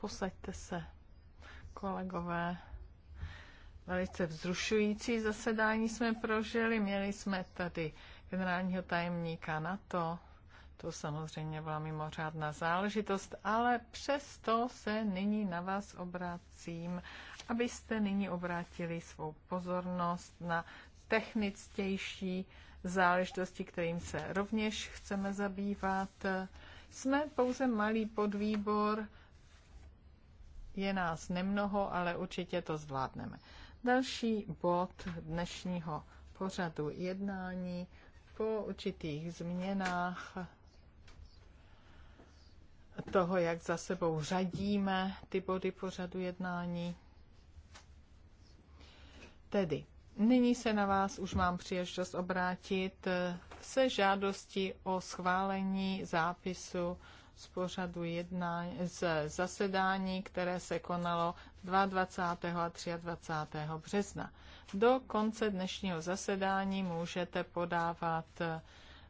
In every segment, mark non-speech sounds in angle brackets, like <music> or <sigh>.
Posaďte se, kolegové. Velice vzrušující zasedání jsme prožili. Měli jsme tady generálního tajemníka NATO. To samozřejmě byla mimořádná záležitost, ale přesto se nyní na vás obracím, abyste nyní obrátili svou pozornost na techničtější záležitosti, kterým se rovněž chceme zabývat. Jsme pouze malý podvýbor, je nás nemnoho, ale určitě to zvládneme. Další bod dnešního pořadu jednání po určitých změnách toho, jak za sebou řadíme ty body pořadu jednání. Tedy Nyní se na vás už mám příležitost obrátit eh, se žádostí o schválení zápisu z pořadu jednání, z zasedání, které se konalo 22. a 23. března. Do konce dnešního zasedání můžete podávat eh,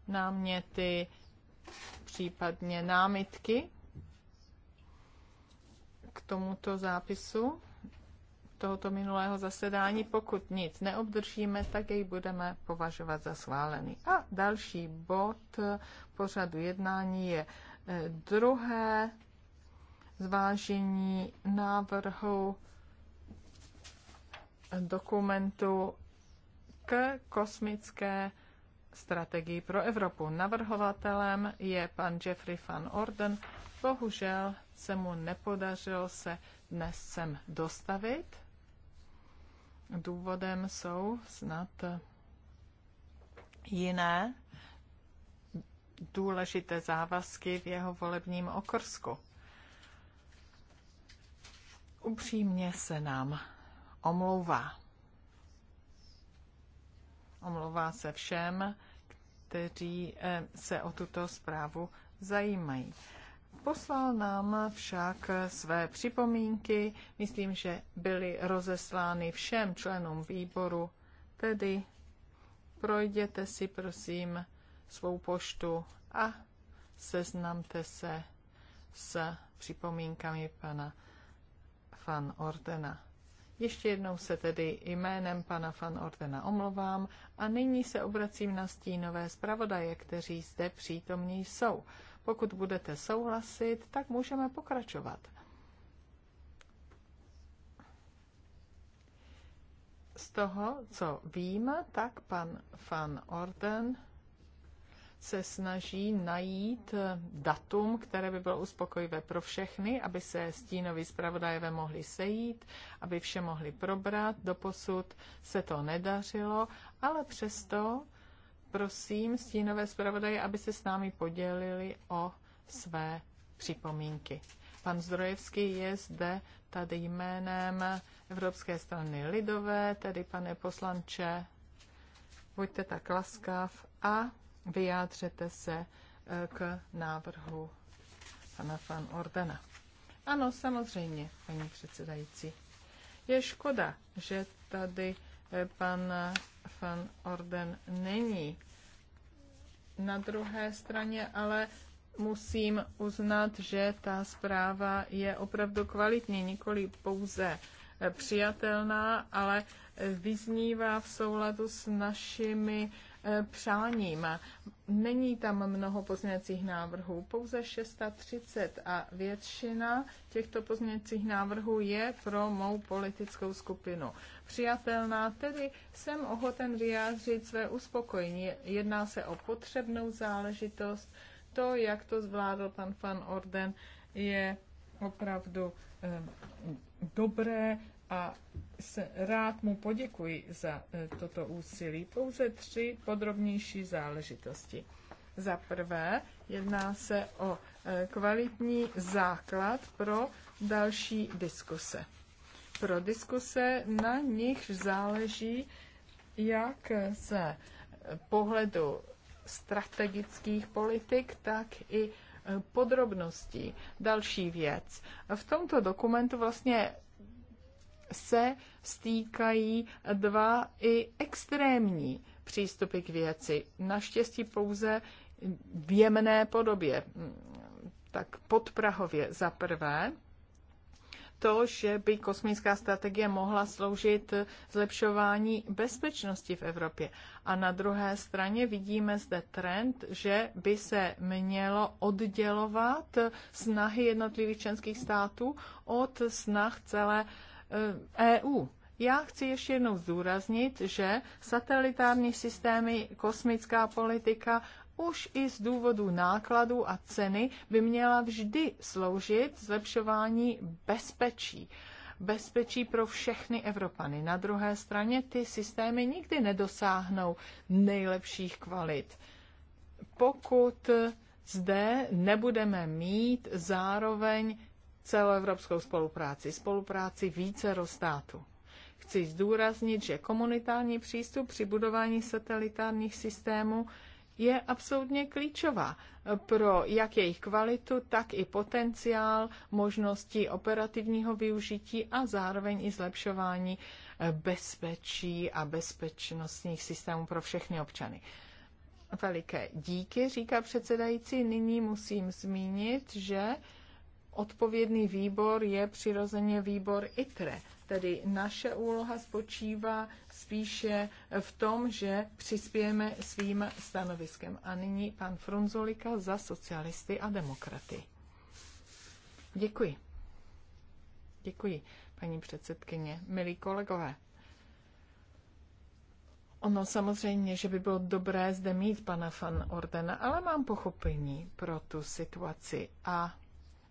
náměty, případně námitky k tomuto zápisu tohoto minulého zasedání. Pokud nic neobdržíme, tak jej budeme považovat za schválený. A další bod pořadu jednání je eh, druhé zvážení návrhu dokumentu k kosmické strategii pro Evropu. Navrhovatelem je pan Jeffrey van Orden. Bohužel se mu nepodařilo se dnes sem dostavit. Důvodem jsou snad jiné důležité závazky v jeho volebním okrsku. Upřímně se nám omlouvá. Omlouvá se všem, kteří eh, se o tuto zprávu zajímají. Poslal nám však své připomínky, myslím, že byly rozeslány všem členům výboru, tedy projděte si prosím svou poštu a seznamte se s připomínkami pana Van Ordena. Ještě jednou se tedy jménem pana Van Ordena omlouvám a nyní se obracím na stínové zpravodaje, kteří zde přítomní jsou. Pokud budete souhlasit, tak můžeme pokračovat. Z toho, co vím, tak pan Van Orden se snaží najít datum, které by bylo uspokojivé pro všechny, aby se stínoví zpravodajové mohli sejít, aby vše mohli probrat. Doposud se to nedařilo, ale přesto prosím stínové zpravodaje, aby se s námi podělili o své připomínky. Pan Zdrojevský je zde tady jménem Evropské strany Lidové, tedy pane poslanče, buďte tak laskav a vyjádřete se eh, k návrhu pana Van Ordena. Ano, samozřejmě, paní předsedající. Je škoda, že tady eh, pan van Orden není. Na druhé straně ale musím uznat, že ta zpráva je opravdu kvalitní, nikoli pouze eh, přijatelná, ale eh, vyznívá v souladu s našimi přáním. Není tam mnoho pozměňovacích návrhů, pouze 630 a většina těchto pozměňovacích návrhů je pro mou politickou skupinu přijatelná, tedy jsem ochoten vyjádřit své uspokojení. Jedná se o potřebnou záležitost. To, jak to zvládl pan Van Orden, je opravdu eh, dobré, a se, rád mu poděkuji za e, toto úsilí. Pouze tři podrobnější záležitosti. Za prvé, jedná se o e, kvalitní základ pro další diskuse. Pro diskuse, na nich záleží, jak se pohledu strategických politik, tak i e, podrobností. Další věc. V tomto dokumentu vlastně se stýkají dva i extrémní přístupy k věci. Naštěstí pouze v jemné podobě. Tak podprahově za prvé, to, že by kosmická strategie mohla sloužit zlepšování bezpečnosti v Evropě. A na druhé straně vidíme zde trend, že by se mělo oddělovat snahy jednotlivých členských států od snah celé EU. E Já chci ještě jednou zdůraznit, že satelitární systémy, kosmická politika už i z důvodu nákladů a ceny by měla vždy sloužit zlepšování bezpečí. Bezpečí pro všechny Evropany. Na druhé straně ty systémy nikdy nedosáhnou nejlepších kvalit. Pokud zde nebudeme mít zároveň celoevropskou spolupráci, spolupráci více států. Chci zdůraznit, že komunitární přístup při budování satelitárních systémů je absolutně klíčová pro jak jejich kvalitu, tak i potenciál možností operativního využití a zároveň i zlepšování eh, bezpečí a bezpečnostních systémů pro všechny občany. Veliké díky, říká předsedající. Nyní musím zmínit, že odpovědný výbor je přirozeně výbor ITRE. Tedy naše úloha spočívá spíše v tom, že přispějeme svým stanoviskem. A nyní pan Frunzolika za socialisty a demokraty. Děkuji. Děkuji, paní předsedkyně. Milí kolegové, Ono samozřejmě, že by bylo dobré zde mít pana Van Ordena, ale mám pochopení pro tu situaci a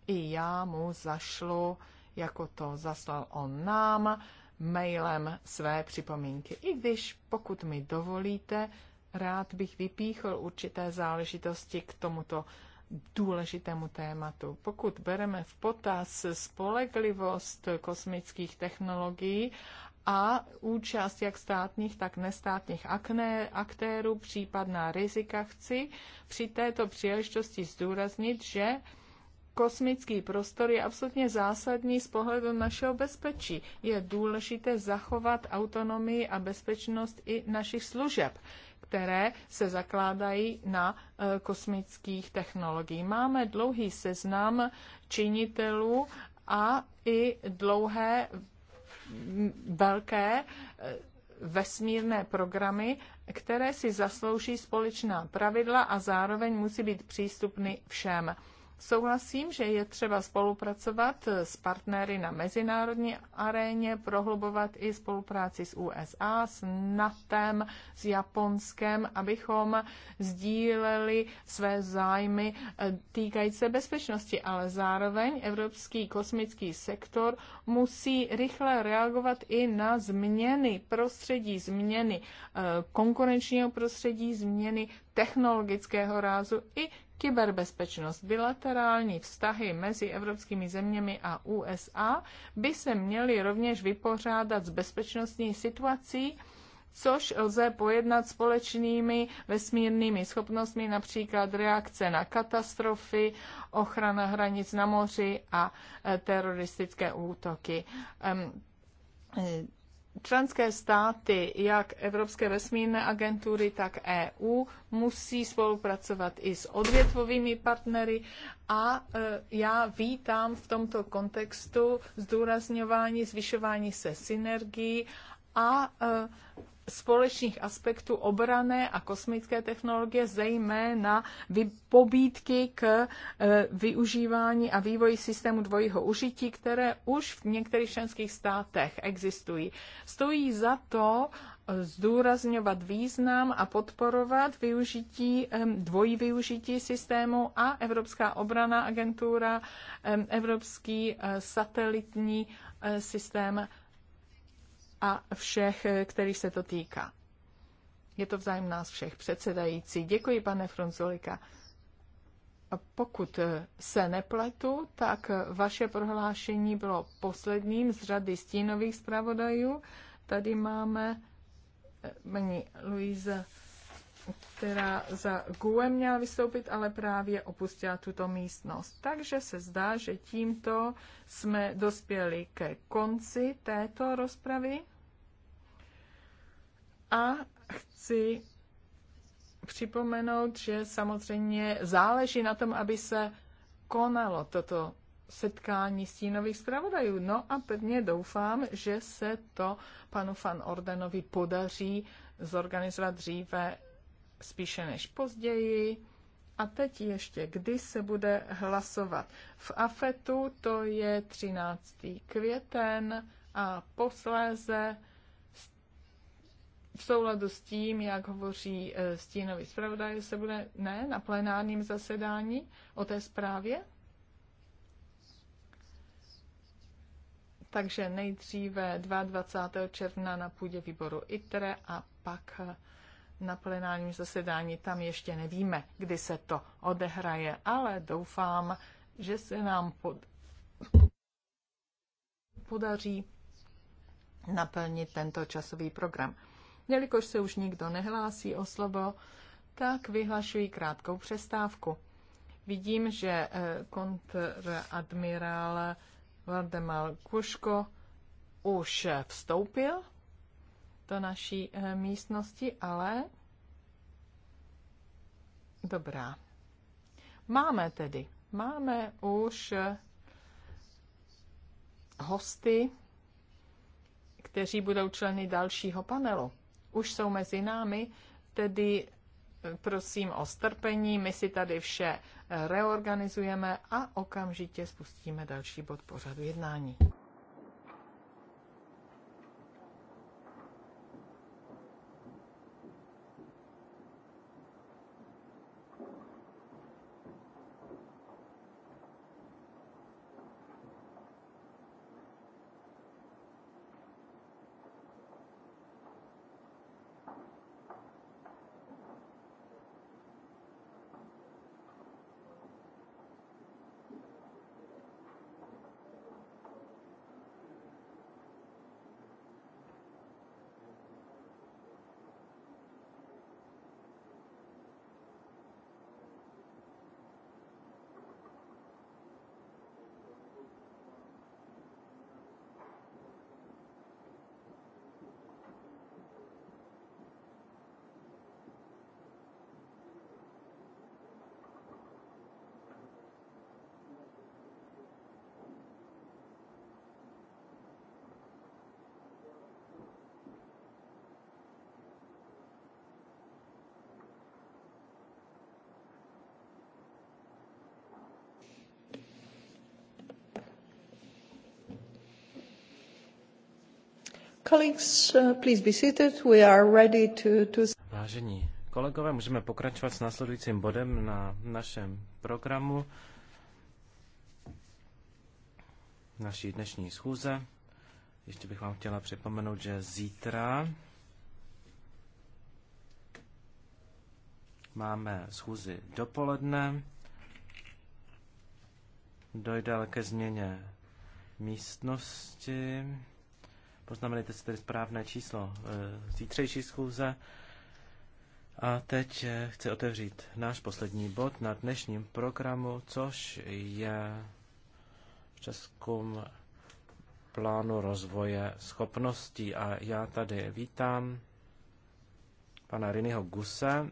i já mu zašlu, jako to zaslal on nám, mailem své připomínky. I když, pokud mi dovolíte, rád bych vypíchl určité záležitosti k tomuto důležitému tématu. Pokud bereme v potaz spolehlivost kosmických technologií a účast jak státních, tak nestátních akné aktérů, případná rizika, chci při této příležitosti zdůraznit, že kosmický prostor je absolutně zásadní z pohledu našeho bezpečí. Je důležité zachovat autonomii a bezpečnost i našich služeb které se zakládají na e, kosmických technologiích. Máme dlouhý seznam činitelů a i dlouhé velké e, vesmírné programy, které si zaslouží společná pravidla a zároveň musí být přístupny všem. Souhlasím, že je třeba spolupracovat s partnery na mezinárodní aréně, prohlubovat i spolupráci s USA, s NATEM, s Japonskem, abychom sdíleli své zájmy eh, týkající se bezpečnosti, ale zároveň Evropský kosmický sektor musí rychle reagovat i na změny prostředí, změny eh, konkurenčního prostředí, změny technologického rázu i Kyberbezpečnost, bilaterální vztahy mezi evropskými zeměmi a USA by se měly rovněž vypořádat s bezpečnostní situací, což lze pojednat společnými vesmírnými schopnostmi, například reakce na katastrofy, ochrana hranic na moři a eh, teroristické útoky eh, Členské státy, jak Evropské vesmírné agentury, tak EU, musí spolupracovat i s odvětvovými partnery a e, já vítám v tomto kontextu zdůrazňování, zvyšování se synergií a e, společných aspektů obrané a kosmické technologie, zejména pobídky k e, využívání a vývoji systému dvojího užití, které už v některých členských státech existují. Stojí za to e, zdůrazňovat význam a podporovat využití, e, dvojí využití systému a Evropská obrana agentura, Evropský satelitní systém a všech, kterých se to týká. Je to vzájem nás všech předsedající. Děkuji, pane Fronzolika. Pokud se nepletu, tak vaše prohlášení bylo posledním z řady stínových zpravodajů. Tady máme eh, paní Luisa, která za GUE měla vystoupit, ale právě opustila tuto místnost. Takže se zdá, že tímto jsme dospěli ke konci této rozpravy. A chci připomenout, že samozřejmě záleží na tom, aby se konalo toto setkání stínových zpravodajů. No a pevně doufám, že se to panu Van Ordenovi podaří zorganizovat dříve spíše než později. A teď ještě, kdy se bude hlasovat. V AFETu to je 13. květen a posléze v souladu s tím, jak hovoří eh, stínový zpravodaj, se bude ne na plenárním zasedání o té zprávě? Takže nejdříve 22. června na půdě výboru ITRE a pak eh, na plenárním zasedání. Tam ještě nevíme, kdy se to odehraje, ale doufám, že se nám pod... podaří naplnit tento časový program. Jelikož se už nikdo nehlásí o slovo, tak vyhlašuji krátkou přestávku. Vidím, že eh, kontradmirál Valdemar Kuško už vstoupil do naší eh, místnosti, ale dobrá. Máme tedy, máme už eh, hosty, kteří budou členy dalšího panelu už jsou mezi námi, tedy eh, prosím o strpení, my si tady vše eh, reorganizujeme a okamžitě spustíme další bod pořadu jednání. Uh, Vážení kolegové, můžeme pokračovat s následujícím bodem na našem programu naší dnešní schůze. Ještě bych vám chtěla připomenout, že zítra máme schůzi dopoledne. Dojde ale ke změně místnosti. Poznamenejte si tedy správné číslo eh, zítřejší schůze. A teď eh, chci otevřít náš poslední bod na dnešním programu, což je v Českém plánu rozvoje schopností. A já tady vítám pana Rinyho Guse,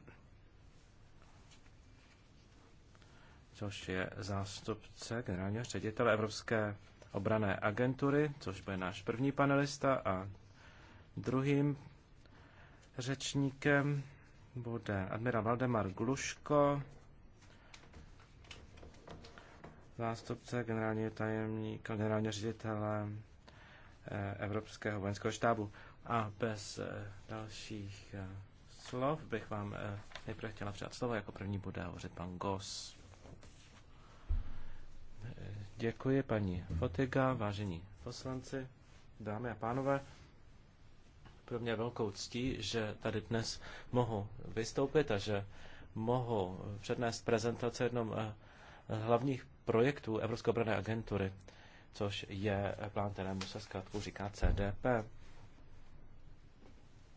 což je zástupce generálního ředitele Evropské obrané agentury, což bude náš první panelista a druhým řečníkem bude admirál Valdemar Gluško, zástupce generálního tajemníka, generálního ředitele eh, Evropského vojenského štábu. A bez eh, dalších eh, slov bych vám nejprve chtěla přát slovo. Jako první bude hovořit pan Gos. Děkuji paní fotega vážení poslanci, dámy a pánové. Pro mě velkou ctí, že tady dnes mohu vystoupit a že mohu přednést prezentaci jednom eh, hlavních projektů Evropské obrané agentury, což je plán, kterému se zkrátku říká CDP.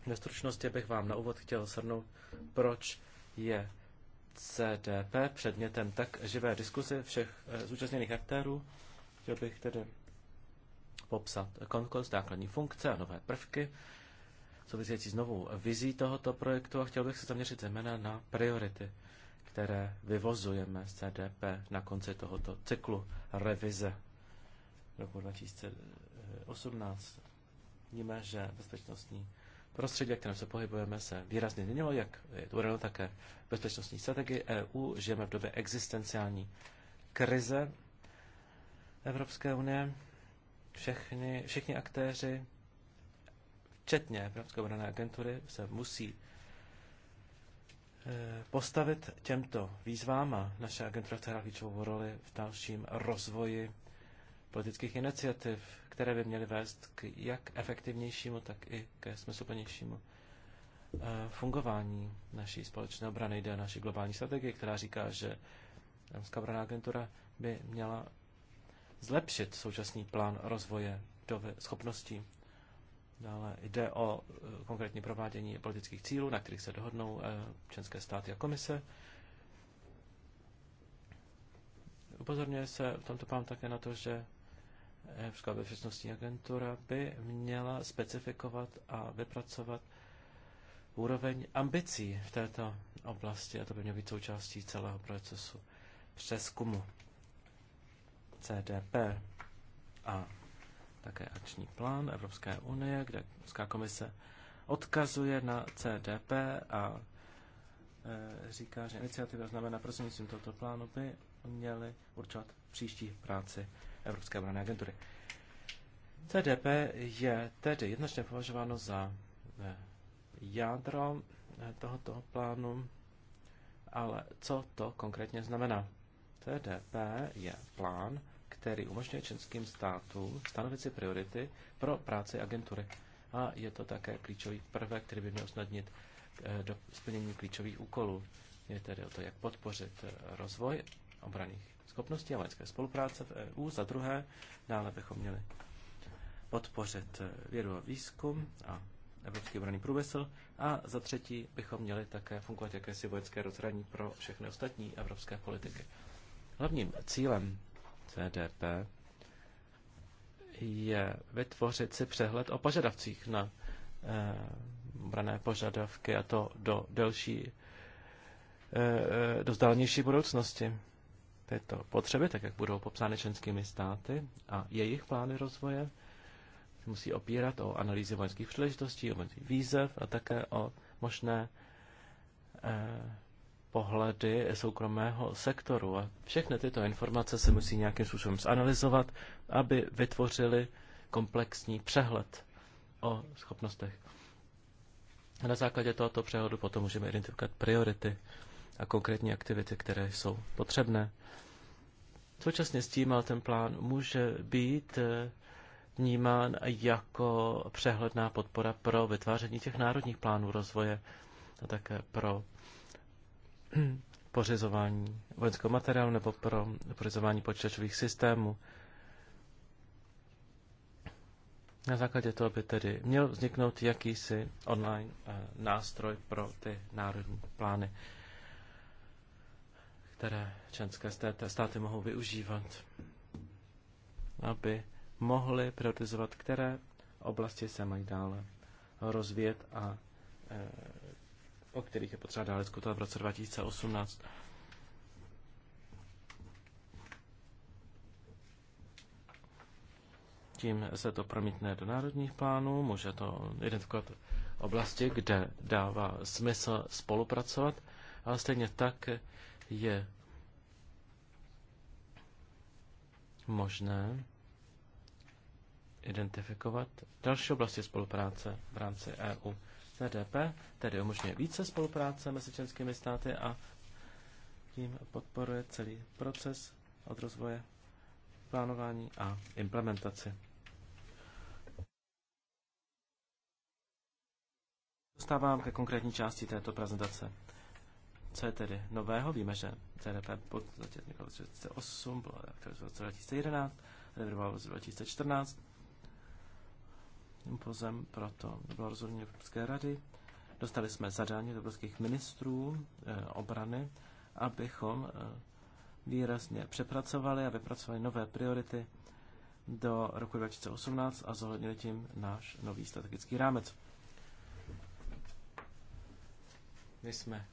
Ve stručnosti bych vám na úvod chtěl shrnout, proč je CDP předmětem tak živé diskuze všech eh, zúčastněných aktérů. Chtěl bych tedy popsat konkurs, základní funkce a nové prvky související s novou vizí tohoto projektu a chtěl bych se zaměřit zejména na priority, které vyvozujeme z CDP na konci tohoto cyklu revize roku 2018. Eh, Víme, že bezpečnostní Prostředí, ve kterém se pohybujeme, se výrazně změnilo, jak je to uvedeno také v bezpečnostní strategii EU. Žijeme v době existenciální krize Evropské unie. Všechny, všichni aktéři, včetně Evropské obrané agentury, se musí eh, postavit těmto výzvám a naše agentura hraje klíčovou roli v dalším rozvoji politických iniciativ, které by měly vést k jak efektivnějšímu, tak i ke smysluplnějšímu eh, fungování naší společné obrany. Jde o globální strategii, která říká, že Evropská obraná agentura by měla zlepšit současný plán rozvoje do schopností. Dále jde o eh, konkrétní provádění politických cílů, na kterých se dohodnou eh, členské státy a komise. Upozorňuje se v tomto plánu také na to, že Evropská bezpečnostní agentura by měla specifikovat a vypracovat úroveň ambicí v této oblasti a to by mělo být součástí celého procesu přeskumu CDP a také akční plán Evropské unie, kde Evropská komise odkazuje na CDP a e, říká, že iniciativa znamená prosím, tohoto plánu by měly určovat příští práci Evropské obrané agentury. CDP je tedy jednoznačně považováno za eh, jádro eh, tohoto plánu, ale co to konkrétně znamená? CDP je plán, který umožňuje členským státům stanovit si priority pro práci agentury. A je to také klíčový prvek, který by měl usnadnit eh, do splnění klíčových úkolů. Je tedy o to, jak podpořit rozvoj obraných schopnosti a vojenské spolupráce v EU. Za druhé, dále bychom měli podpořit eh, vědu a výzkum a evropský obranný průmysl. A za třetí bychom měli také fungovat jakési vojenské rozhraní pro všechny ostatní evropské politiky. Hlavním cílem CDP je vytvořit si přehled o požadavcích na eh, obrané požadavky a to do delší, eh, eh do budoucnosti tyto potřeby, tak jak budou popsány členskými státy a jejich plány rozvoje, se musí opírat o analýzy vojenských příležitostí, o výzev a také o možné eh, pohledy soukromého sektoru. A všechny tyto informace se musí nějakým způsobem zanalizovat, aby vytvořili komplexní přehled o schopnostech. A na základě tohoto přehledu potom můžeme identifikovat priority a konkrétní aktivity, které jsou potřebné. Současně s tím ale ten plán může být eh, vnímán jako přehledná podpora pro vytváření těch národních plánů rozvoje a také pro <clears throat> pořizování vojenského materiálu nebo pro pořizování počítačových systémů. Na základě toho by tedy měl vzniknout jakýsi online eh, nástroj pro ty národní plány které členské státy mohou využívat, aby mohly prioritizovat, které oblasti se mají dále rozvíjet a e, o kterých je potřeba dále diskutovat v roce 2018. Tím se to promítne do národních plánů, může to identifikovat oblasti, kde dává smysl spolupracovat, ale stejně tak je možné identifikovat další oblasti spolupráce v rámci EU. CDP tedy umožňuje více spolupráce mezi členskými státy a tím podporuje celý proces od rozvoje plánování a implementaci. Dostávám ke konkrétní části této prezentace. Co je tedy nového? Víme, že CDP pod začátkem 2008 bylo roce 2011, revidovalo v roce 2014. pozem proto bylo rozhodnutí Evropské rady. Dostali jsme zadání do evropských ministrů e, obrany, abychom e, výrazně přepracovali a vypracovali nové priority do roku 2018 a zohlednili tím náš nový strategický rámec. My jsme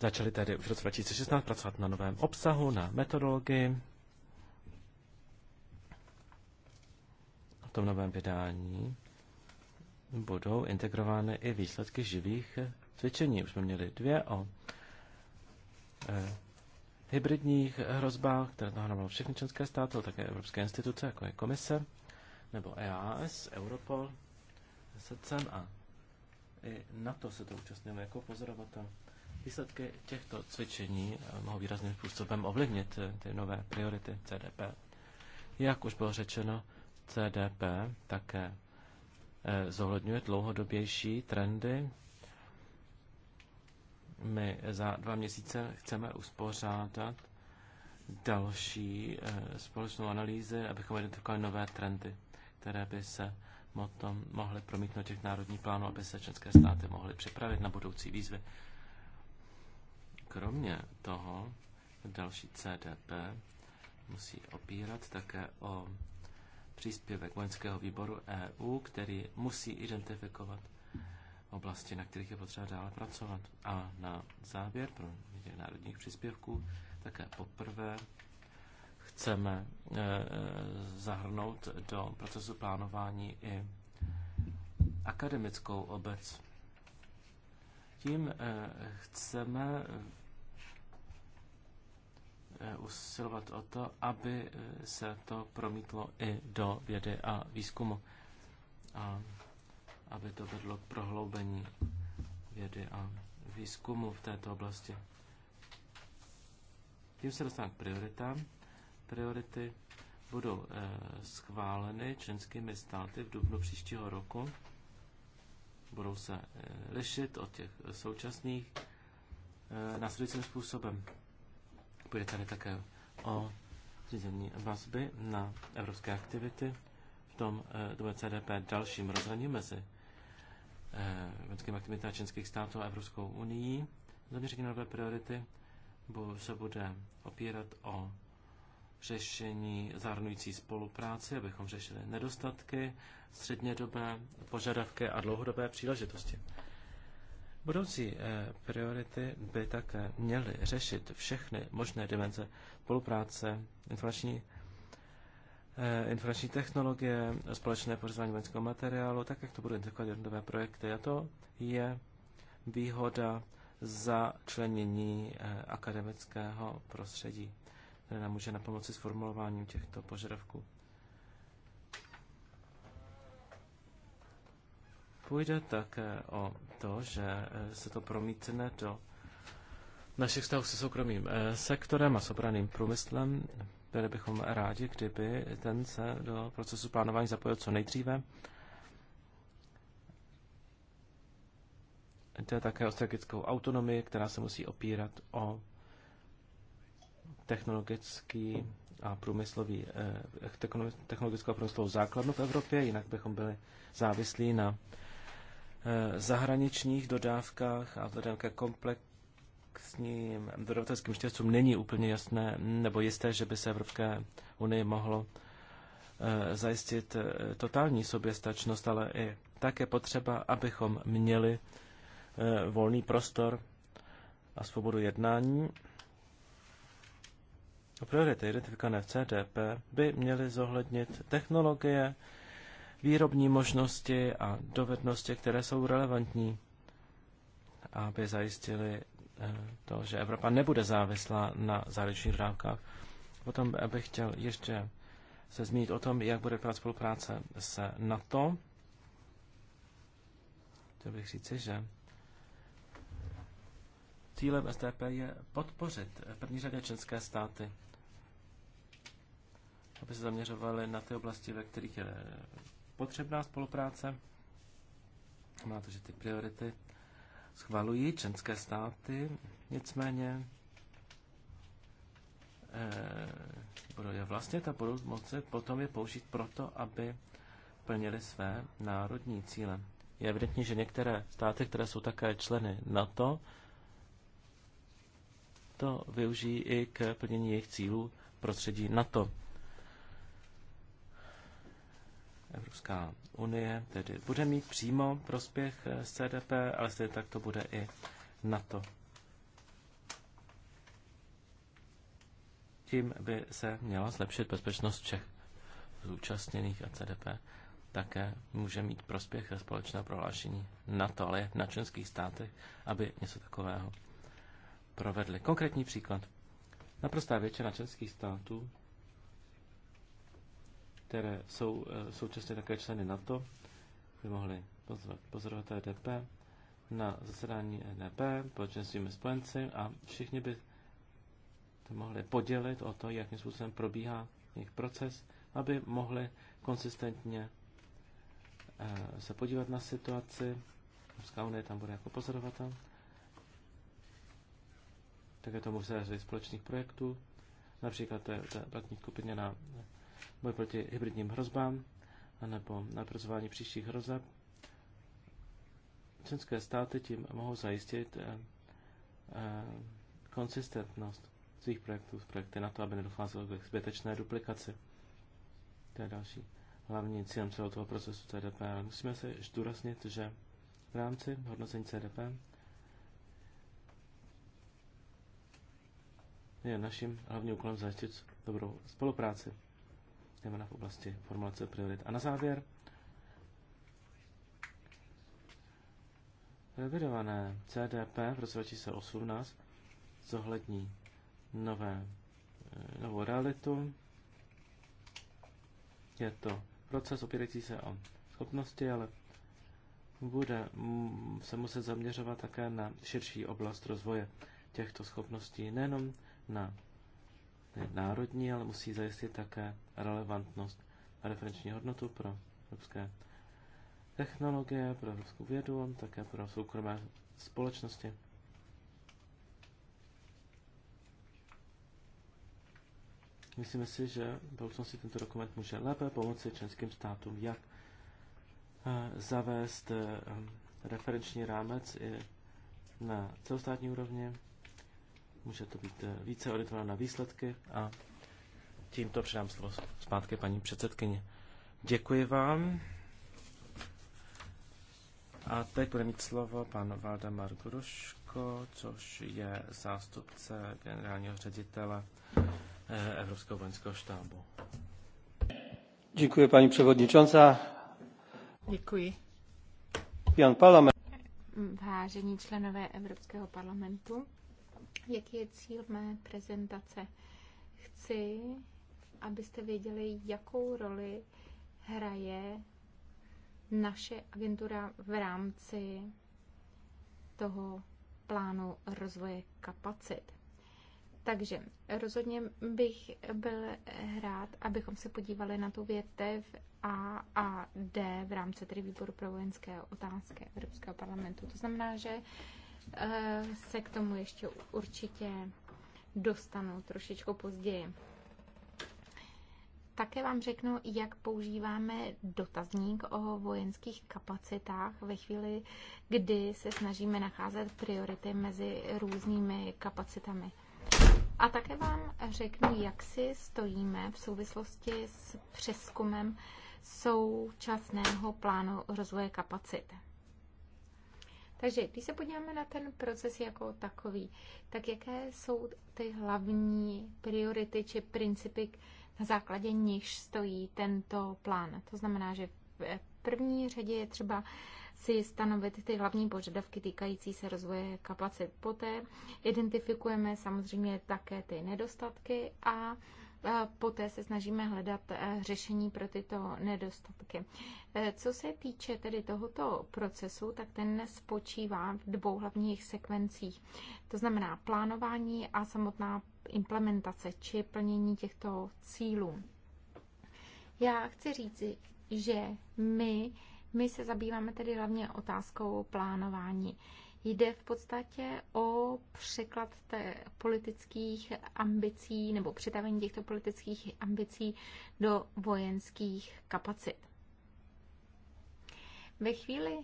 Začali tedy už v roce 2016 pracovat na novém obsahu, na metodologii. V tom novém vydání budou integrovány i výsledky živých cvičení. Už jsme měli dvě o e, hybridních hrozbách, které nahrávalo všechny členské státy, také evropské instituce, jako je komise, nebo EAS, Europol, SECEM a i na to se to účastnilo jako pozorovatel. Výsledky těchto cvičení eh, mohou výrazným způsobem ovlivnit eh, ty nové priority CDP. Jak už bylo řečeno, CDP také eh, zohledňuje dlouhodobější trendy. My za dva měsíce chceme uspořádat další společnou analýzy, abychom identifikovali nové trendy, které by se potom mohly promítnout těch národních plánů, aby se české státy mohly připravit na budoucí výzvy. Kromě toho další CDP musí opírat také o příspěvek vojenského výboru EU, který musí identifikovat oblasti, na kterých je potřeba dále pracovat. A na závěr pro národních příspěvků také poprvé chceme e, e, zahrnout do procesu plánování i akademickou obec. Tím e, chceme Eh, usilovat o to, aby eh, se to promítlo i do vědy a výzkumu a aby to vedlo k prohloubení vědy a výzkumu v této oblasti. Tím se dostávám k prioritám. Priority budou eh, schváleny členskými státy v dubnu příštího roku. Budou se eh, lišit od těch současných eh, následujícím způsobem bude tady také o řízení vazby na evropské aktivity v tom eh, CDP dalším rozhraním mezi eh, evropskými aktivitám členských států a Evropskou unii. Zaměření na nové priority se bude opírat o řešení zahrnující spolupráci, abychom řešili nedostatky, střednědobé požadavky a dlouhodobé příležitosti. Budoucí eh, priority by také měly řešit všechny možné dimenze spolupráce, informační, eh, informační technologie, společné pořizování vojenského materiálu, tak jak to budou integrovat jednotlivé projekty. A to je výhoda začlenění eh, akademického prostředí, které nám může na pomoci s formulováním těchto požadavků. Půjde také o to, že eh, se to promítne do našich vztahů se soukromým eh, sektorem a s obraným průmyslem. Byli bychom rádi, kdyby ten se do procesu plánování zapojil co nejdříve. Jde také o strategickou autonomii, která se musí opírat o technologický a průmyslový, eh, technologickou a průmyslovou základnu v Evropě, jinak bychom byli závislí na Eh, zahraničních dodávkách a vzhledem ke komplexním dodavatelským štěvcům není úplně jasné nebo jisté, že by se Evropské unii mohlo eh, zajistit eh, totální soběstačnost, ale i tak je potřeba, abychom měli volný prostor a svobodu jednání. Priority identifikované v CDP by měly zohlednit technologie, výrobní možnosti a dovednosti, které jsou relevantní, aby zajistili eh, to, že Evropa nebude závislá na zahraničních dodávkách. Potom bych chtěl ještě se zmínit o tom, jak bude vypadat spolupráce s NATO. Chtěl bych říci, že cílem STP je podpořit v první řadě české státy, aby se zaměřovaly na ty oblasti, ve kterých je potřebná spolupráce. Má to, že ty priority schvalují členské státy, nicméně eh, je vlastně ta budou moci potom je použít proto, aby plnili své národní cíle. Je evidentní, že některé státy, které jsou také členy NATO, to využijí i k plnění jejich cílů prostředí NATO. Evropská unie tedy bude mít přímo prospěch eh, z CDP, ale stejně tak to bude i NATO. Tím by se měla zlepšit bezpečnost všech zúčastněných a CDP také může mít prospěch ve společné prohlášení to, ale na členských státech, aby něco takového provedli. Konkrétní příklad. Naprostá většina členských států které jsou eh, současně také členy NATO, by mohli pozvat pozorovatele DP na zasedání NP, společně s spojenci a všichni by to mohli podělit o to, jakým způsobem probíhá jejich proces, aby mohli konsistentně eh, se podívat na situaci. Evropská unie tam bude jako pozorovatel. Také to může řešit společných projektů. Například to je platní skupině na boj proti hybridním hrozbám anebo napracování příštích hrozeb. Členské státy tím mohou zajistit eh, eh, konsistentnost svých projektů projekty na to, aby nedocházelo k zbytečné duplikaci. To je další hlavní cílem celého toho procesu CDP. Ale musíme se zdůraznit, že v rámci hodnocení CDP je naším hlavním úkolem zajistit dobrou spolupráci řekněme, v oblasti formulace priorit. A na závěr, revidované CDP v roce 2018 zohlední nové, eh, novou realitu. Je to proces opírající se o schopnosti, ale bude se muset zaměřovat také na širší oblast rozvoje těchto schopností, nejenom na národní, ale musí zajistit také relevantnost a referenční hodnotu pro evropské technologie, pro evropskou vědu, také pro soukromé společnosti. Myslíme si, že v budoucnosti tento dokument může lépe pomoci členským státům, jak eh, zavést eh, referenční rámec i na celostátní úrovni. Může to být eh, více orientováno na výsledky a tímto předám slovo zpátky paní předsedkyně. Děkuji vám. A teď bude mít slovo pan Valdemar Gruško, což je zástupce generálního ředitele eh, Evropského vojenského štábu. Děkuji, paní převodničonca. Děkuji. Jan parlament. Vážení členové Evropského parlamentu, jaký je cíl mé prezentace. Chci, abyste věděli, jakou roli hraje naše agentura v rámci toho plánu rozvoje kapacit. Takže rozhodně bych byl rád, abychom se podívali na tu větev A a D v rámci tedy výboru pro vojenské otázky Evropského parlamentu. To znamená, že Eh, se k tomu ještě určitě dostanu trošičku později. Také vám řeknu, jak používáme dotazník o vojenských kapacitách ve chvíli, kdy se snažíme nacházet priority mezi různými kapacitami. A také vám řeknu, jak si stojíme v souvislosti s přeskumem současného plánu rozvoje kapacit. Takže když se podíváme na ten proces jako takový, tak jaké jsou ty hlavní priority či principy, na základě nichž stojí tento plán? To znamená, že v první řadě je třeba si stanovit ty hlavní požadavky týkající se rozvoje kapacit. Poté identifikujeme samozřejmě také ty nedostatky a poté se snažíme hledat e, řešení pro tyto nedostatky. E, co se týče tedy tohoto procesu, tak ten spočívá v dvou hlavních sekvencích. To znamená plánování a samotná implementace či plnění těchto cílů. Já chci říci, že my my se zabýváme tedy hlavně otázkou plánování. Jde v podstatě o překlad té politických ambicí nebo přetavení těchto politických ambicí do vojenských kapacit. Ve chvíli,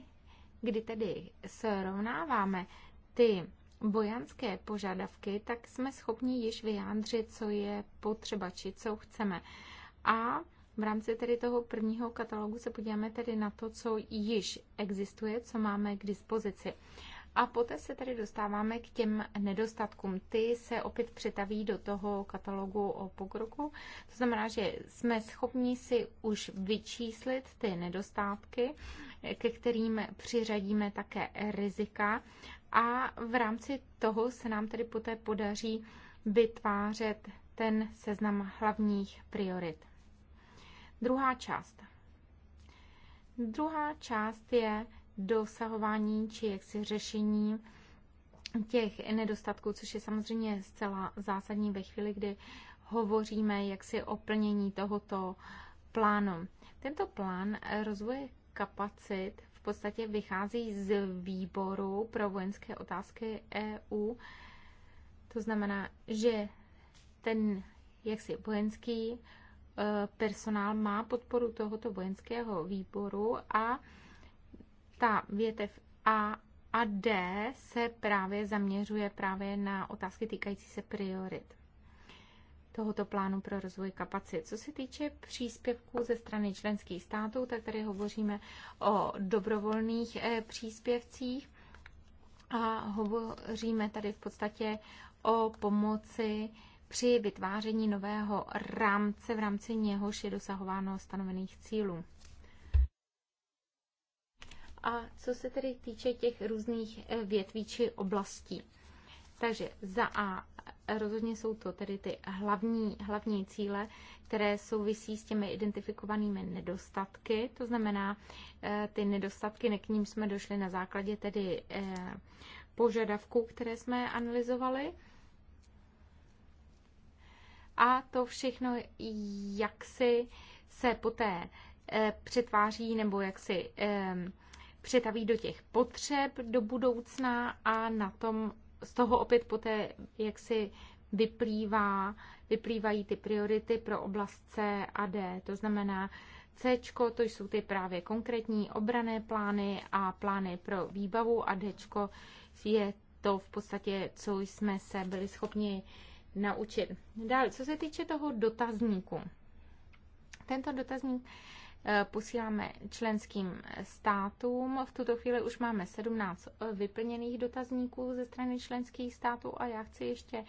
kdy tedy srovnáváme ty vojenské požadavky, tak jsme schopni již vyjádřit, co je potřeba či co chceme. A v rámci tedy toho prvního katalogu se podíváme tedy na to, co již existuje, co máme k dispozici. A poté se tedy dostáváme k těm nedostatkům. Ty se opět přetaví do toho katalogu o pokroku. To znamená, že jsme schopni si už vyčíslit ty nedostatky, ke kterým přiřadíme také rizika. A v rámci toho se nám tedy poté podaří vytvářet ten seznam hlavních priorit. Druhá část. Druhá část je dosahování či jaksi řešení těch nedostatků, což je samozřejmě zcela zásadní ve chvíli, kdy hovoříme jaksi o plnění tohoto plánu. Tento plán rozvoje kapacit v podstatě vychází z výboru pro vojenské otázky EU. To znamená, že ten jaksi vojenský Eh, personál má podporu tohoto vojenského výboru a ta větev A a D se právě zaměřuje právě na otázky týkající se priorit tohoto plánu pro rozvoj kapacit. Co se týče příspěvků ze strany členských států, tak tady hovoříme o dobrovolných eh, příspěvcích a hovoříme tady v podstatě o pomoci při vytváření nového rámce, v rámci něhož je dosahováno stanovených cílů. A co se tedy týče těch různých eh, větví či oblastí. Takže za A rozhodně jsou to tedy ty hlavní, hlavní cíle, které souvisí s těmi identifikovanými nedostatky, to znamená eh, ty nedostatky, k ním jsme došli na základě tedy eh, požadavků, které jsme analyzovali a to všechno si se poté eh, přetváří nebo e, přetaví do těch potřeb do budoucna a na tom z toho opět poté jak si vyplývá, vyplývají ty priority pro oblast C a D. To znamená, C, to jsou ty právě konkrétní obrané plány a plány pro výbavu a D je to v podstatě, co jsme se byli schopni naučit. Dále, co se týče toho dotazníku. Tento dotazník Eh, posíláme členským státům. V tuto chvíli už máme 17 eh, vyplněných dotazníků ze strany členských států a já chci ještě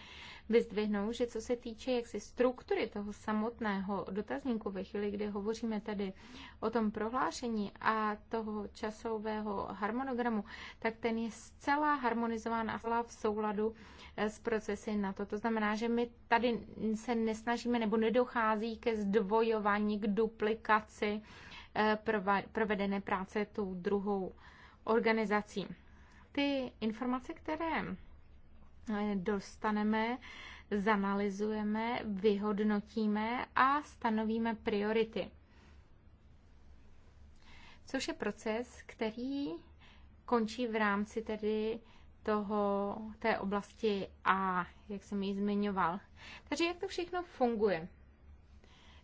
vyzdvihnout, že co se týče jaksi struktury toho samotného dotazníku ve chvíli, kdy hovoříme tady o tom prohlášení a toho časového harmonogramu, tak ten je zcela harmonizován a v souladu eh, s procesy na to. To znamená, že my tady se nesnažíme nebo nedochází ke zdvojování, k duplikaci eh, provedené práce tou druhou organizací. Ty informace, které eh, dostaneme, zanalizujeme, vyhodnotíme a stanovíme priority. Což je proces, který končí v rámci tedy toho, té oblasti A, jak jsem ji zmiňoval. Takže jak to všechno funguje?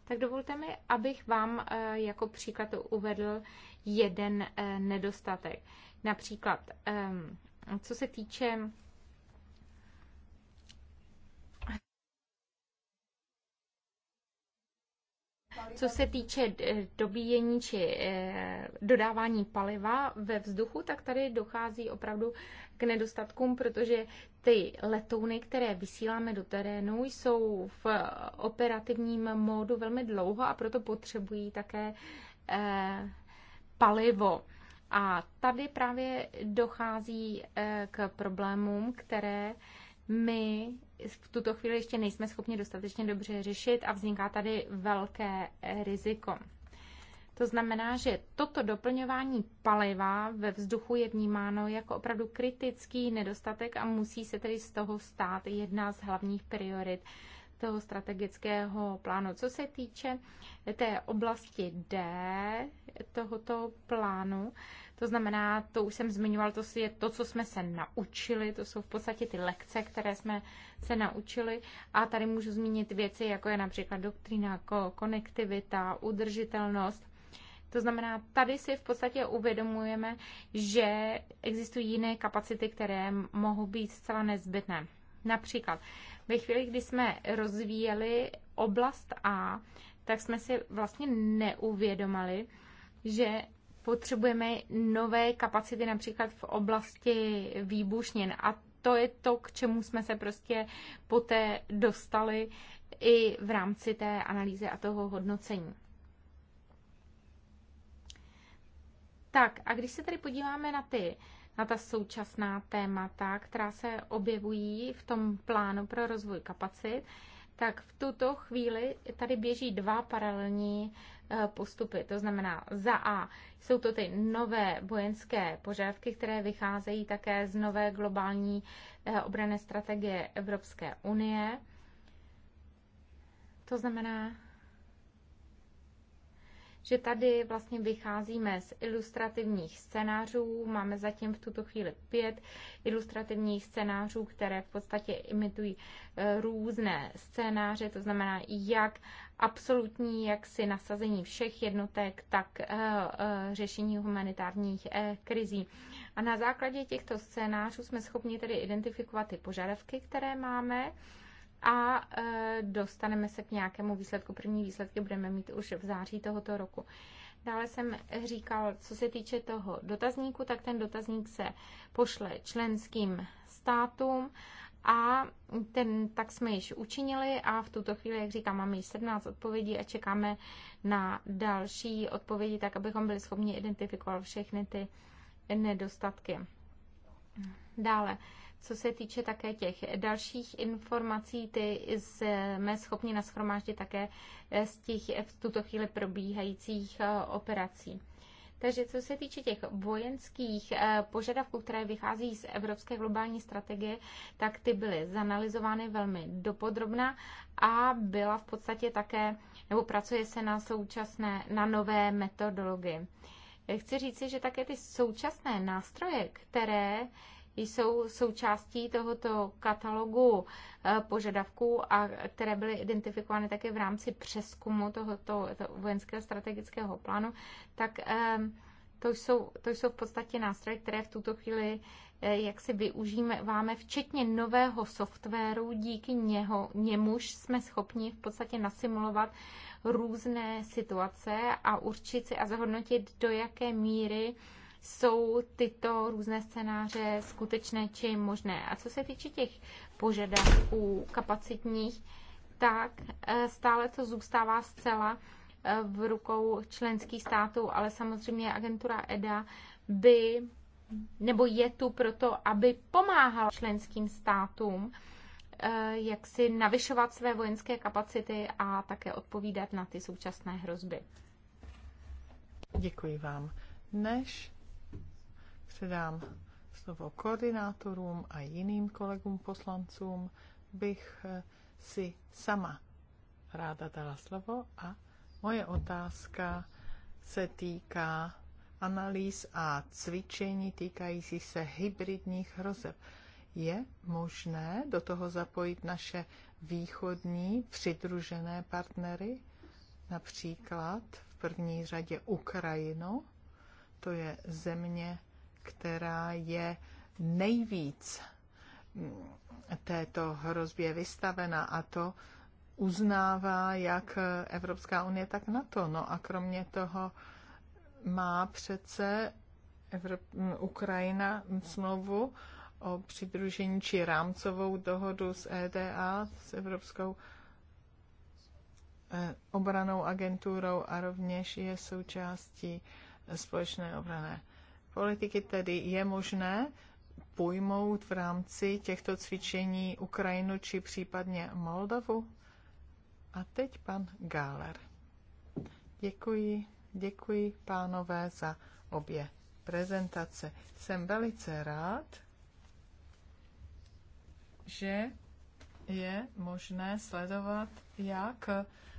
Tak dovolte mi, abych vám eh, jako příklad uvedl jeden eh, nedostatek. Například, ehm, co se týče Co se týče eh, dobíjení či eh, dodávání paliva ve vzduchu, tak tady dochází opravdu k nedostatkům, protože ty letouny, které vysíláme do terénu, jsou v eh, operativním módu velmi dlouho a proto potřebují také palivo. A tady právě dochází k problémům, které my v tuto chvíli ještě nejsme schopni dostatečně dobře řešit a vzniká tady velké riziko. To znamená, že toto doplňování paliva ve vzduchu je vnímáno jako opravdu kritický nedostatek a musí se tedy z toho stát jedna z hlavních priorit toho strategického plánu. Co se týče té oblasti D tohoto plánu, to znamená, to už jsem zmiňoval, to je to, co jsme se naučili, to jsou v podstatě ty lekce, které jsme se naučili. A tady můžu zmínit věci, jako je například doktrína, konektivita, udržitelnost. To znamená, tady si v podstatě uvědomujeme, že existují jiné kapacity, které mohou být zcela nezbytné. Například ve chvíli, kdy jsme rozvíjeli oblast A, tak jsme si vlastně neuvědomili, že potřebujeme nové kapacity například v oblasti výbušnin a to je to, k čemu jsme se prostě poté dostali i v rámci té analýzy a toho hodnocení. Tak a když se tady podíváme na ty na ta současná témata, která se objevují v tom plánu pro rozvoj kapacit, tak v tuto chvíli tady běží dva paralelní Eh, postupy. To znamená, za A jsou to ty nové vojenské požadavky, které vycházejí také z nové globální eh, obrané strategie Evropské unie. To znamená, že tady vlastně vycházíme z ilustrativních scénářů. Máme zatím v tuto chvíli pět ilustrativních scénářů, které v podstatě imitují e, různé scénáře, to znamená jak absolutní, jak si nasazení všech jednotek, tak e, e, řešení humanitárních krizí. A na základě těchto scénářů jsme schopni tedy identifikovat ty požadavky, které máme a e, dostaneme se k nějakému výsledku. První výsledky budeme mít už v září tohoto roku. Dále jsem říkal, co se týče toho dotazníku, tak ten dotazník se pošle členským státům a ten tak jsme již učinili a v tuto chvíli, jak říkám, máme již 17 odpovědí a čekáme na další odpovědi, tak abychom byli schopni identifikovat všechny ty nedostatky. Dále co se týče také těch dalších informací, ty jsme schopni naschromáždit také z těch v tuto chvíli probíhajících eh, operací. Takže co se týče těch vojenských eh, požadavků, které vychází z Evropské globální strategie, tak ty byly zanalizovány velmi dopodrobna a byla v podstatě také, nebo pracuje se na současné, na nové metodologii. Chci říci, že také ty současné nástroje, které jsou součástí tohoto katalogu eh, požadavků, a které byly identifikovány také v rámci přeskumu tohoto vojenského strategického plánu, tak ehm, to jsou, to jsou v podstatě nástroje, které v tuto chvíli eh, jak si využíváme, včetně nového softwaru, díky něho, němuž jsme schopni v podstatě nasimulovat různé situace a určit si a zhodnotit, do jaké míry jsou tyto různé scénáře skutečné či možné. A co se týče těch požadavků kapacitních, tak e, stále to zůstává zcela e, v rukou členských států, ale samozřejmě agentura EDA by, nebo je tu proto, aby pomáhala členským státům, e, jak si navyšovat své vojenské kapacity a také odpovídat na ty současné hrozby. Děkuji vám. Než předám slovo koordinátorům a jiným kolegům poslancům, bych eh, si sama ráda dala slovo a moje otázka se týká analýz a cvičení týkající se hybridních hrozeb. Je možné do toho zapojit naše východní přidružené partnery, například v první řadě Ukrajinu, to je země, která je nejvíc této hrozbě vystavena a to uznává jak Evropská unie, tak NATO. No a kromě toho má přece Evrop- Ukrajina smlouvu o přidružení či rámcovou dohodu s EDA, s Evropskou eh, obranou agenturou a rovněž je součástí společné obrané politiky tedy je možné pojmout v rámci těchto cvičení Ukrajinu či případně Moldavu? A teď pan Gáler. Děkuji, děkuji pánové za obě prezentace. Jsem velice rád, že je možné sledovat, jak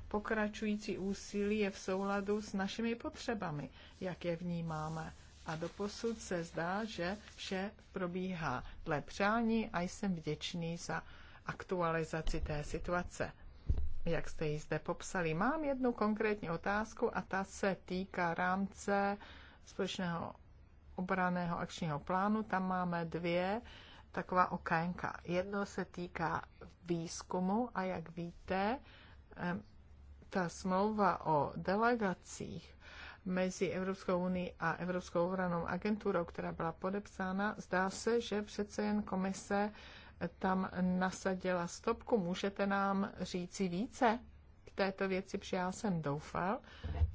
pokračující úsilí je v souladu s našimi potřebami, jak je vnímáme a doposud se zdá, že vše probíhá dle přání a jsem vděčný za aktualizaci té situace. Jak jste ji zde popsali, mám jednu konkrétní otázku a ta se týká rámce společného obraného akčního plánu. Tam máme dvě taková okénka. Jedno se týká výzkumu a jak víte, ta smlouva o delegacích mezi Evropskou unii a Evropskou obranou agenturou, která byla podepsána, zdá se, že přece jen komise tam nasadila stopku. Můžete nám říci více k této věci, protože já jsem doufal,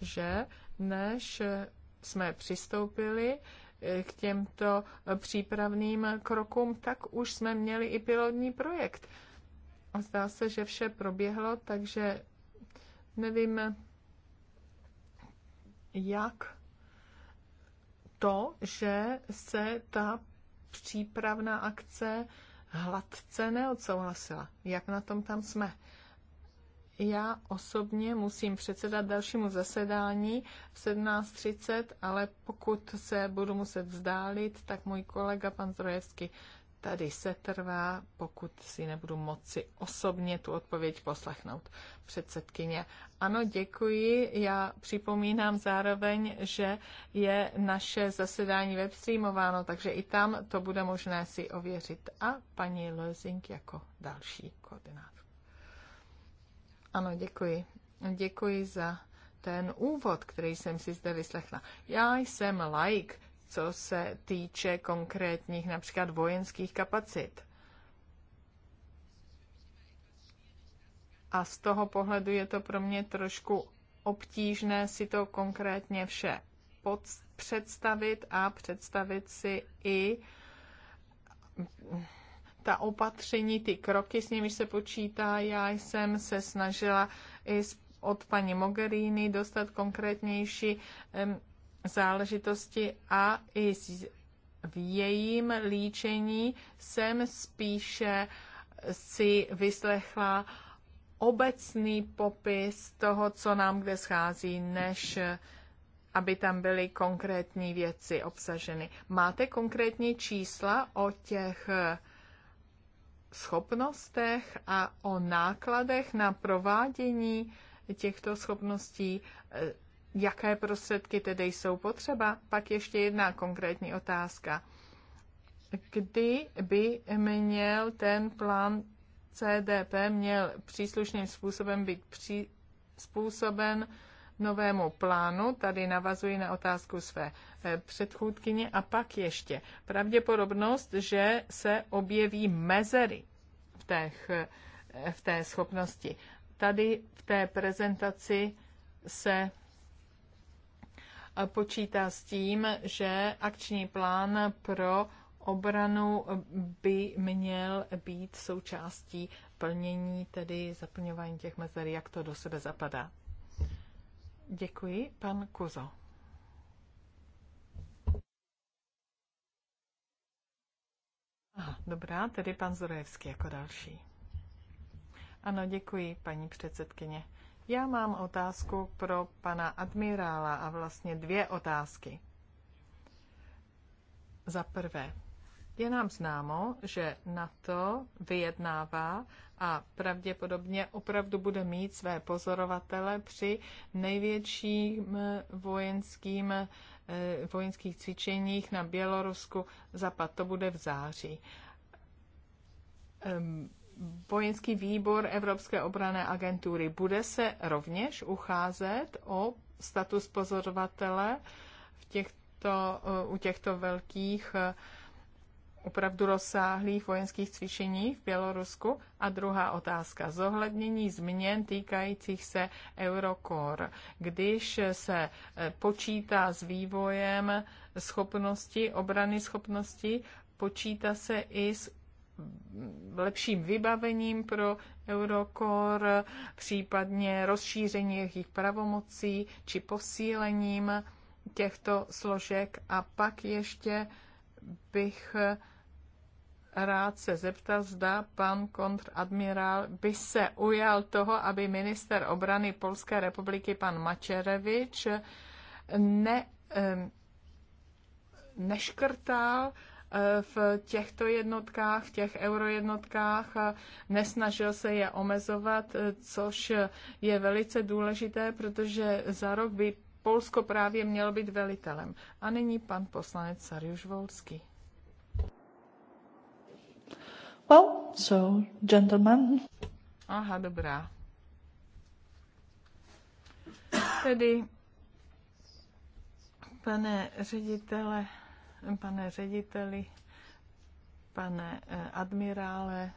že než jsme přistoupili eh, k těmto přípravným krokům, tak už jsme měli i pilotní projekt. A zdá se, že vše proběhlo, takže nevím, jak to, že se ta přípravná akce hladce neodsouhlasila. Jak na tom tam jsme? Já osobně musím předsedat dalšímu zasedání v 17.30, ale pokud se budu muset vzdálit, tak můj kolega pan Zdrojevský tady se trvá, pokud si nebudu moci osobně tu odpověď poslechnout. Předsedkyně, ano, děkuji. Já připomínám zároveň, že je naše zasedání webstreamováno, takže i tam to bude možné si ověřit. A paní Lozing jako další koordinátor. Ano, děkuji. Děkuji za ten úvod, který jsem si zde vyslechla. Já jsem like, co se týče konkrétních například vojenských kapacit. A z toho pohledu je to pro mě trošku obtížné si to konkrétně vše pod, představit a představit si i mm, ta opatření, ty kroky, s nimi se počítá. Já jsem se snažila i od paní Mogherini dostat konkrétnější záležitosti a i v jejím líčení jsem spíše si vyslechla obecný popis toho, co nám kde schází, než aby tam byly konkrétní věci obsaženy. Máte konkrétní čísla o těch schopnostech a o nákladech na provádění těchto schopností jaké prostředky tedy jsou potřeba? Pak ještě jedna konkrétní otázka. Kdy by měl ten plán CDP měl příslušným způsobem být při, způsoben novému plánu. Tady navazuji na otázku své eh, předchůdkyně. A pak ještě pravděpodobnost, že se objeví mezery v, těch, eh, v té schopnosti. Tady v té prezentaci se počítá s tím, že akční plán pro obranu by měl být součástí plnění, tedy zaplňování těch mezer, jak to do sebe zapadá. Děkuji, pan Kuzo. Aha, dobrá, tedy pan Zorojevský jako další. Ano, děkuji, paní předsedkyně. Já mám otázku pro pana admirála a vlastně dvě otázky. Za prvé, je nám známo, že NATO vyjednává a pravděpodobně opravdu bude mít své pozorovatele při největším eh, vojenským, eh, vojenských cvičeních na Bělorusku. Zapad to bude v září. Ehm, vojenský výbor Evropské obrané agentury bude se rovněž ucházet o status pozorovatele v těchto, u těchto velkých eh, opravdu rozsáhlých vojenských cvičení v Bělorusku? A druhá otázka, zohlednění změn týkajících se Eurokor. Když se eh, počítá s vývojem schopnosti, obrany schopnosti, počítá se i s lepším vybavením pro Eurokor, případně rozšíření jejich pravomocí či posílením těchto složek. A pak ještě bych rád se zeptal, zda pan kontradmirál by se ujal toho, aby minister obrany Polské republiky, pan Mačerevič, ne, neškrtal v těchto jednotkách, v těch eurojednotkách, nesnažil se je omezovat, e, což je velice důležité, protože za rok by Polsko právě mělo být velitelem. A nyní pan poslanec Sarjuš Volský. Well, so, gentlemen. Aha, dobrá. Tedy, pane ředitele, pane řediteli, pane eh, admirále.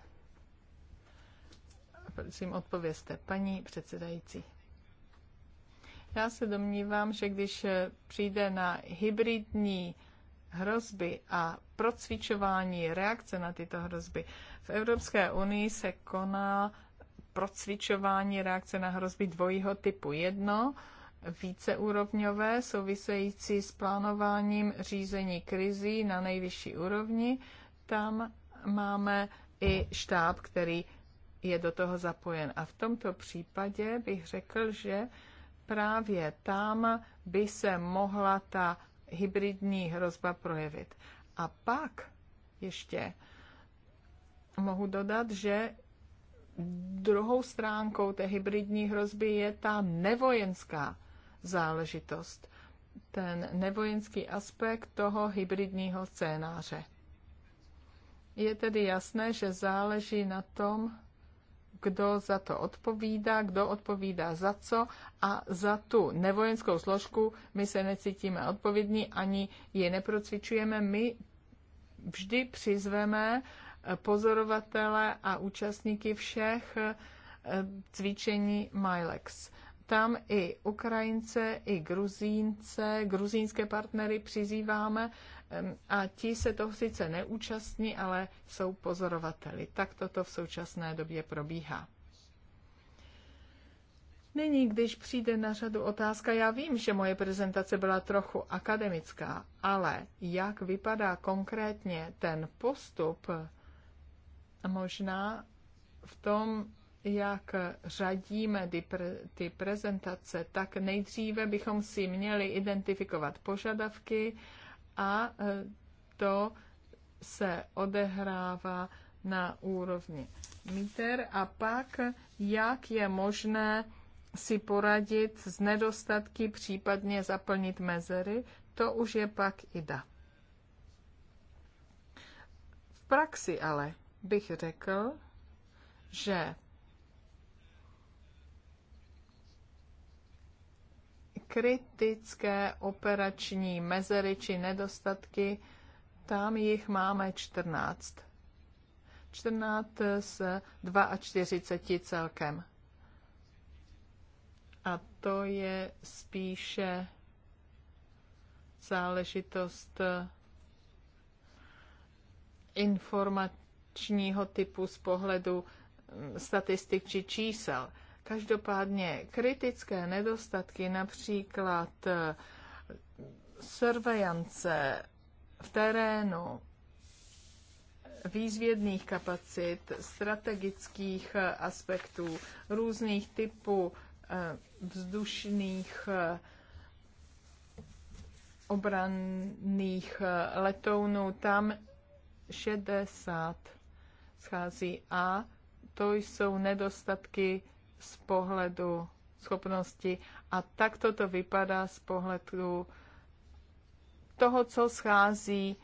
Prosím, odpověste, Paní předsedající. Já se domnívám, že když eh, přijde na hybridní hrozby a procvičování reakce na tyto hrozby, v Evropské unii se koná procvičování reakce na hrozby dvojího typu. Jedno, víceúrovňové, související s plánováním řízení krizí na nejvyšší úrovni. Tam máme i štáb, který je do toho zapojen. A v tomto případě bych řekl, že právě tam by se mohla ta hybridní hrozba projevit. A pak ještě mohu dodat, že druhou stránkou té hybridní hrozby je ta nevojenská záležitost. Ten nevojenský aspekt toho hybridního scénáře. Je tedy jasné, že záleží na tom, kdo za to odpovídá, kdo odpovídá za co a za tu nevojenskou složku my se necítíme odpovědní, ani je neprocvičujeme. My vždy přizveme pozorovatele a účastníky všech eh, cvičení MILEX tam i Ukrajince, i Gruzínce, gruzínské partnery přizýváme a ti se toho sice neúčastní, ale jsou pozorovateli. Tak toto v současné době probíhá. Nyní, když přijde na řadu otázka, já vím, že moje prezentace byla trochu akademická, ale jak vypadá konkrétně ten postup, možná v tom jak řadíme ty, prezentace, tak nejdříve bychom si měli identifikovat požadavky a e, to se odehrává na úrovni meter a pak jak je možné si poradit s nedostatky, případně zaplnit mezery, to už je pak IDA. V praxi ale bych řekl, že kritické operační mezery či nedostatky, tam jich máme 14. 14 z 42 celkem. A to je spíše záležitost eh, informačního typu z pohledu hm, statistik či čísel Každopádně kritické nedostatky, například eh, surveillance v terénu, výzvědných kapacit, strategických eh, aspektů, různých typů eh, vzdušných obranných letounů, tam 60 schází a to jsou nedostatky z pohledu schopnosti a takto to vypadá z pohledu toho, co schází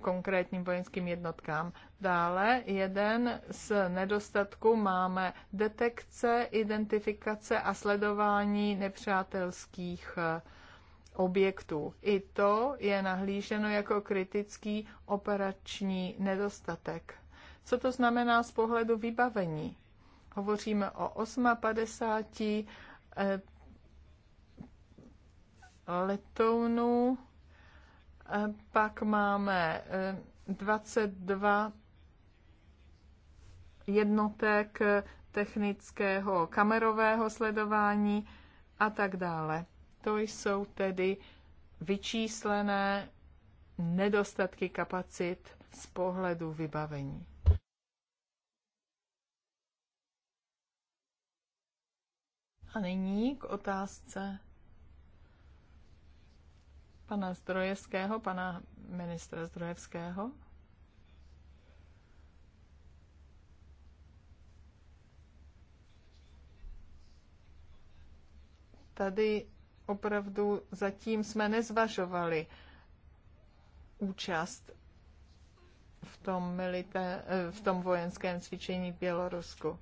konkrétním vojenským jednotkám. Dále jeden z nedostatků máme detekce, identifikace a sledování nepřátelských eh, objektů. I to je nahlíženo jako kritický operační nedostatek. Co to znamená z pohledu vybavení? Hovoříme o 58 eh, letounů, eh, pak máme 22 eh, jednotek technického kamerového sledování a tak dále. To jsou tedy vyčíslené nedostatky kapacit z pohledu vybavení. A nyní k otázce pana Zdrojevského, pana ministra Zdrojevského. Tady opravdu zatím jsme nezvažovali účast v tom, milité, v tom vojenském cvičení v Bělorusku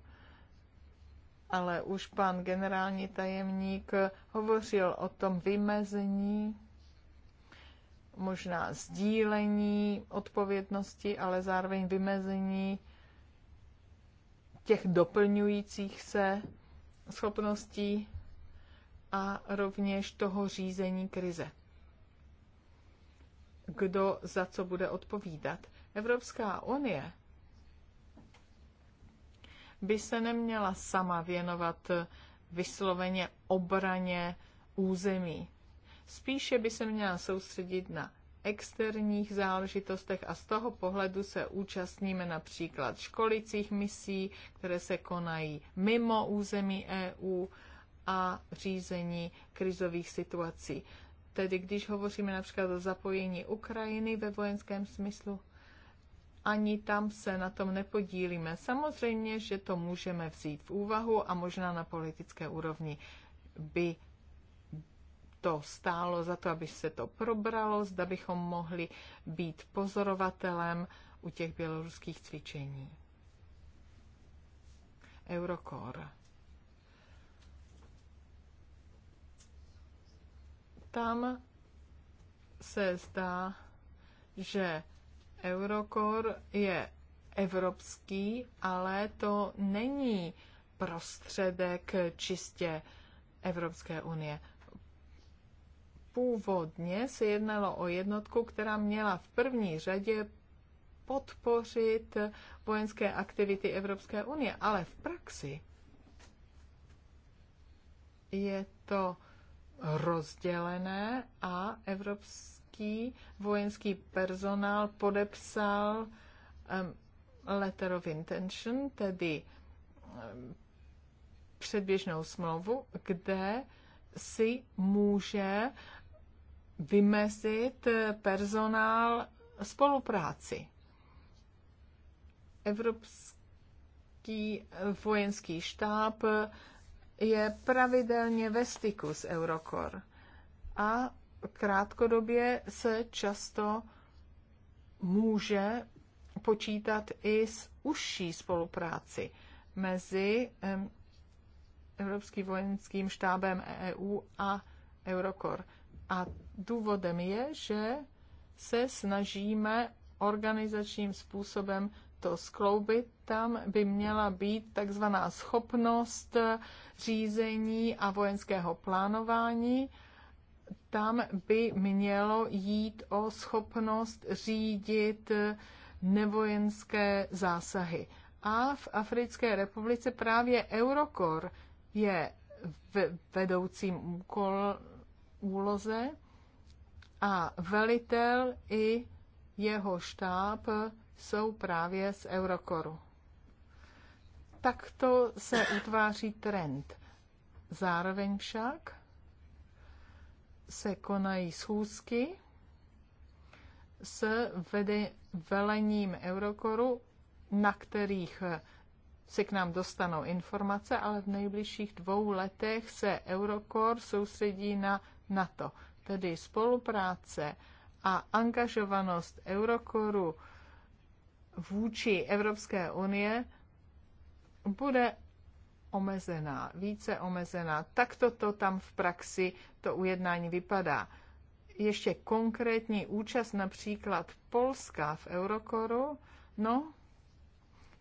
ale už pan generální tajemník hovořil o tom vymezení, možná sdílení odpovědnosti, ale zároveň vymezení těch doplňujících se schopností a rovněž toho řízení krize. Kdo za co bude odpovídat? Evropská unie by se neměla sama věnovat vysloveně obraně území. Spíše by se měla soustředit na externích záležitostech a z toho pohledu se účastníme například školicích misí, které se konají mimo území EU a řízení krizových situací. Tedy když hovoříme například o zapojení Ukrajiny ve vojenském smyslu, ani tam se na tom nepodílíme. Samozřejmě, že to můžeme vzít v úvahu a možná na politické úrovni by to stálo za to, aby se to probralo, zda bychom mohli být pozorovatelem u těch běloruských cvičení. Eurokor. Tam se zdá, že Eurokor je evropský, ale to není prostředek čistě Evropské unie. Původně se jednalo o jednotku, která měla v první řadě podpořit vojenské aktivity Evropské unie, ale v praxi je to rozdělené a Evropské irský vojenský personál podepsal letter of intention, tedy předběžnou smlouvu, kde si může vymezit personál spolupráci. Evropský vojenský štáb je pravidelně ve styku s Eurokor a krátkodobě se často může počítat i s užší spolupráci mezi Evropským vojenským štábem EU a Eurokor. A důvodem je, že se snažíme organizačním způsobem to skloubit. Tam by měla být takzvaná schopnost řízení a vojenského plánování tam by mělo jít o schopnost řídit nevojenské zásahy. A v Africké republice právě Eurokor je v vedoucím úkol, úloze a velitel i jeho štáb jsou právě z Eurokoru. Takto se utváří trend. Zároveň však se konají schůzky s vede, velením Eurokoru, na kterých eh, se k nám dostanou informace, ale v nejbližších dvou letech se Eurokor soustředí na NATO. Tedy spolupráce a angažovanost Eurokoru vůči Evropské unie bude omezená, více omezená. Tak to, to tam v praxi to ujednání vypadá. Ještě konkrétní účast například Polska v Eurokoru, no,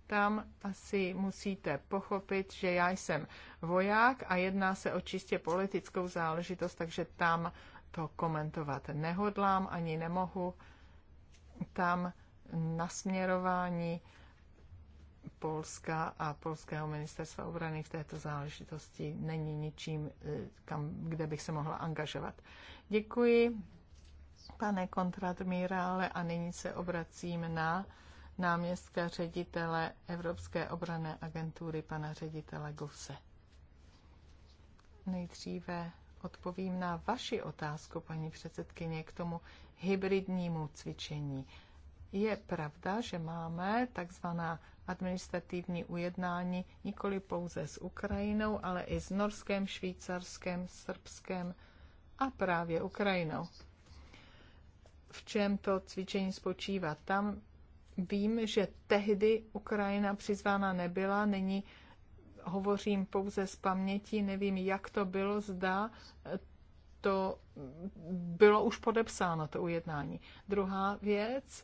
tam asi musíte pochopit, že já jsem voják a jedná se o čistě politickou záležitost, takže tam to komentovat nehodlám ani nemohu. Tam nasměrování Polska a polského ministerstva obrany v této záležitosti není ničím, eh, kam, kde bych se mohla angažovat. Děkuji, pane kontradmirále, a nyní se obracím na náměstka ředitele Evropské obrané agentury, pana ředitele Gose. Nejdříve odpovím na vaši otázku, paní předsedkyně, k tomu hybridnímu cvičení. Je pravda, že máme takzvaná administrativní ujednání nikoli pouze s Ukrajinou, ale i s Norskem, Švýcarskem, Srbskem a právě Ukrajinou. V čem to cvičení spočívá? Tam vím, že tehdy Ukrajina přizvána nebyla, není hovořím pouze z paměti, nevím, jak to bylo, zda to bylo už podepsáno, to ujednání. Druhá věc,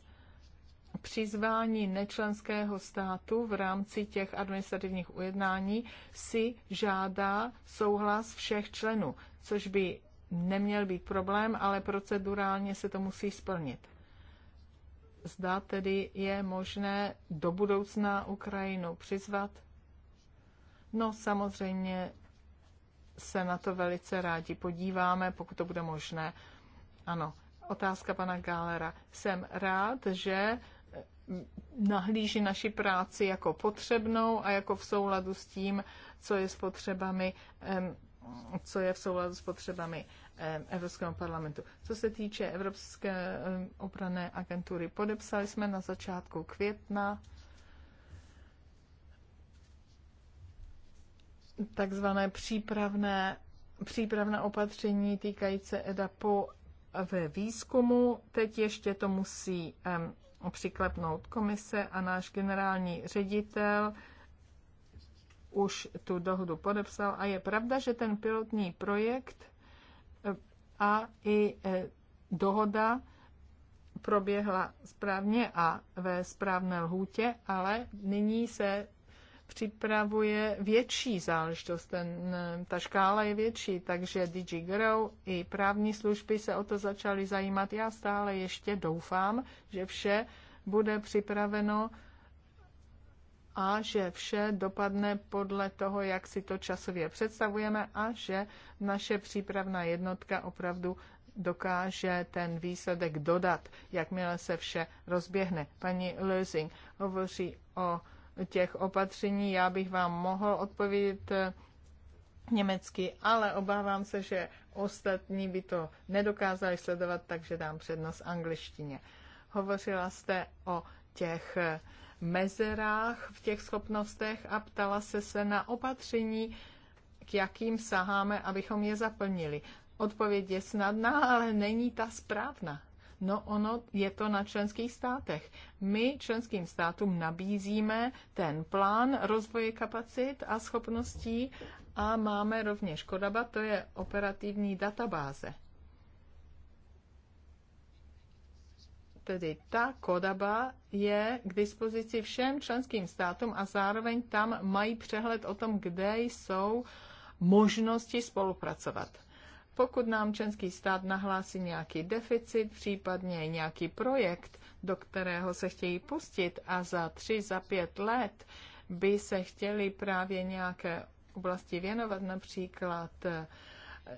přizvání nečlenského státu v rámci těch administrativních ujednání si žádá souhlas všech členů, což by neměl být problém, ale procedurálně se to musí splnit. Zda tedy je možné do budoucna Ukrajinu přizvat? No samozřejmě se na to velice rádi podíváme, pokud to bude možné. Ano, otázka pana Gálera. Jsem rád, že nahlíží naši práci jako potřebnou a jako v souladu s tím, co je s potřebami, co je v souladu s potřebami Evropského parlamentu. Co se týče Evropské obrané agentury, podepsali jsme na začátku května takzvané přípravné, přípravné opatření týkající EDAPu ve výzkumu. Teď ještě to musí um, přiklepnout komise a náš generální ředitel už tu dohodu podepsal a je pravda, že ten pilotní projekt eh, a i eh, dohoda proběhla správně a ve správné lhůtě, ale nyní se připravuje větší záležitost, ten, eh, ta škála je větší, takže DigiGrow i právní služby se o to začaly zajímat. Já stále ještě doufám, že vše bude připraveno a že vše dopadne podle toho, jak si to časově představujeme a že naše přípravná jednotka opravdu dokáže ten výsledek dodat, jakmile se vše rozběhne. Paní Lösing hovoří o těch opatření. Já bych vám mohl odpovědět eh, německy, ale obávám se, že ostatní by to nedokázali sledovat, takže dám přednost angličtině. Hovořila jste o těch eh, mezerách v těch schopnostech a ptala se se na opatření, k jakým saháme, abychom je zaplnili. Odpověď je snadná, ale není ta správná. No ono je to na členských státech. My členským státům nabízíme ten plán rozvoje kapacit a schopností a máme rovněž Kodaba, to je operativní databáze. tedy ta kodaba je k dispozici všem členským státům a zároveň tam mají přehled o tom, kde jsou možnosti spolupracovat. Pokud nám členský stát nahlásí nějaký deficit, případně nějaký projekt, do kterého se chtějí pustit a za tři, za pět let by se chtěli právě nějaké oblasti věnovat, například eh, eh,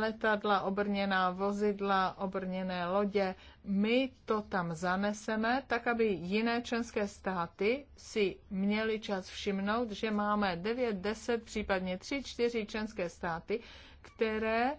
letadla, obrněná vozidla, obrněné lodě. My to tam zaneseme, tak aby jiné členské státy si měli čas všimnout, že máme 9, 10, případně 3, 4 členské státy, které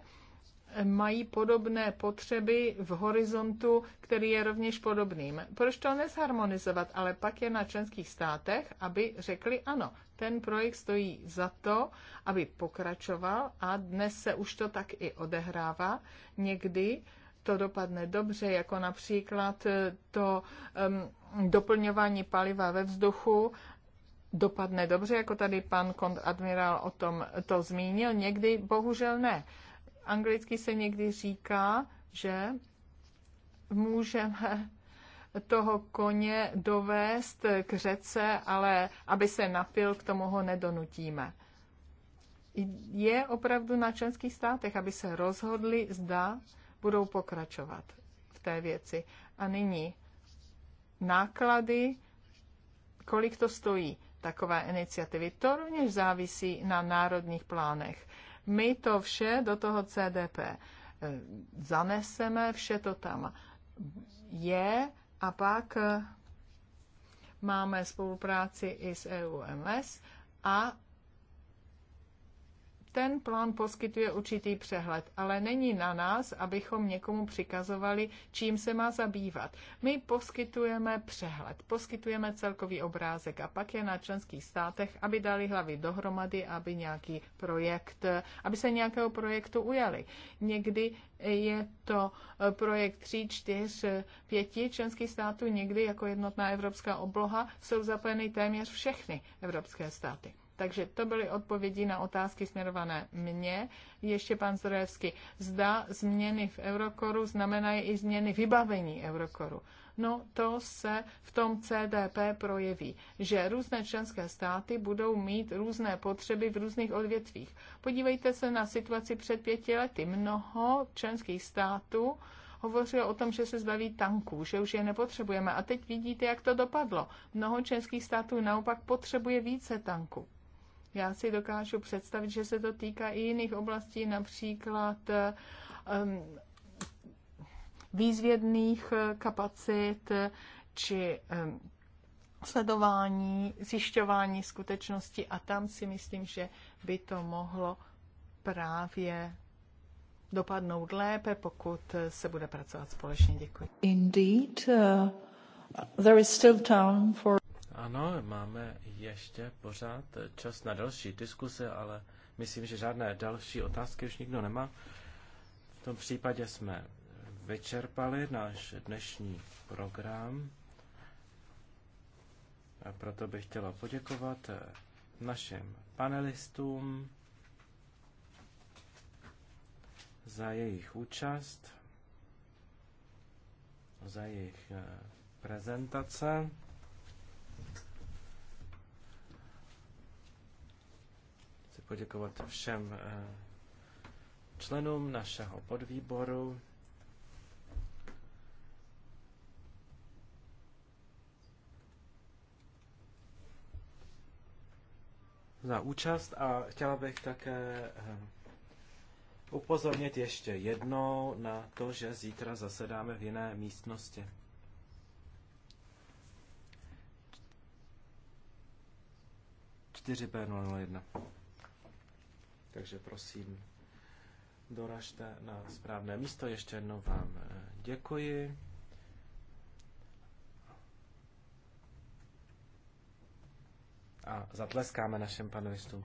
mají podobné potřeby v horizontu, který je rovněž podobným. Proč to nezharmonizovat, ale pak je na členských státech, aby řekli ano, ten projekt stojí za to, aby pokračoval a dnes se už to tak i odehrává. Někdy to dopadne dobře, jako například to um, doplňování paliva ve vzduchu dopadne dobře, jako tady pan kontradmirál o tom to zmínil, někdy bohužel ne. Anglicky se někdy říká, že můžeme toho koně dovést k řece, ale aby se napil, k tomu ho nedonutíme. Je opravdu na členských státech, aby se rozhodli, zda budou pokračovat v té věci. A nyní náklady, kolik to stojí takové iniciativy. To rovněž závisí na národních plánech. My to vše do toho CDP eh, zaneseme, vše to tam je a pak eh, máme spolupráci i s EUMS a ten plán poskytuje určitý přehled, ale není na nás, abychom někomu přikazovali, čím se má zabývat. My poskytujeme přehled, poskytujeme celkový obrázek a pak je na členských státech, aby dali hlavy dohromady, aby nějaký projekt, aby se nějakého projektu ujali. Někdy je to eh, projekt tří, čtyř, eh, pěti členských států, někdy jako jednotná evropská obloha jsou zapojeny téměř všechny evropské státy. Takže to byly odpovědi na otázky směrované mně. Ještě pan Zdrojevský, zda změny v Eurokoru znamenají i změny vybavení Eurokoru. No to se v tom CDP projeví, že různé členské státy budou mít různé potřeby v různých odvětvích. Podívejte se na situaci před pěti lety. Mnoho členských států hovořil o tom, že se zbaví tanků, že už je nepotřebujeme. A teď vidíte, jak to dopadlo. Mnoho českých států naopak potřebuje více tanků. Já si dokážu představit, že se to týká i jiných oblastí, například um, výzvědných eh, kapacit eh, či um, sledování, zjišťování skutečnosti a tam si myslím, že by to mohlo právě dopadnout lépe, pokud se bude pracovat společně. Děkuji. Indeed, uh, there is still time for... Ano, máme ještě pořád čas na další diskuse, ale myslím, že žádné další otázky už nikdo nemá. V tom případě jsme vyčerpali náš dnešní program. A proto bych chtěla poděkovat našim panelistům za jejich účast, za jejich eh, prezentace. poděkovat všem eh, členům našeho podvýboru. za účast a chtěla bych také eh, upozornit ještě jednou na to, že zítra zasedáme v jiné místnosti. Čtyři b takže prosím, doražte na správné místo. Ještě jednou vám eh, děkuji. A zatleskáme našem panelistům.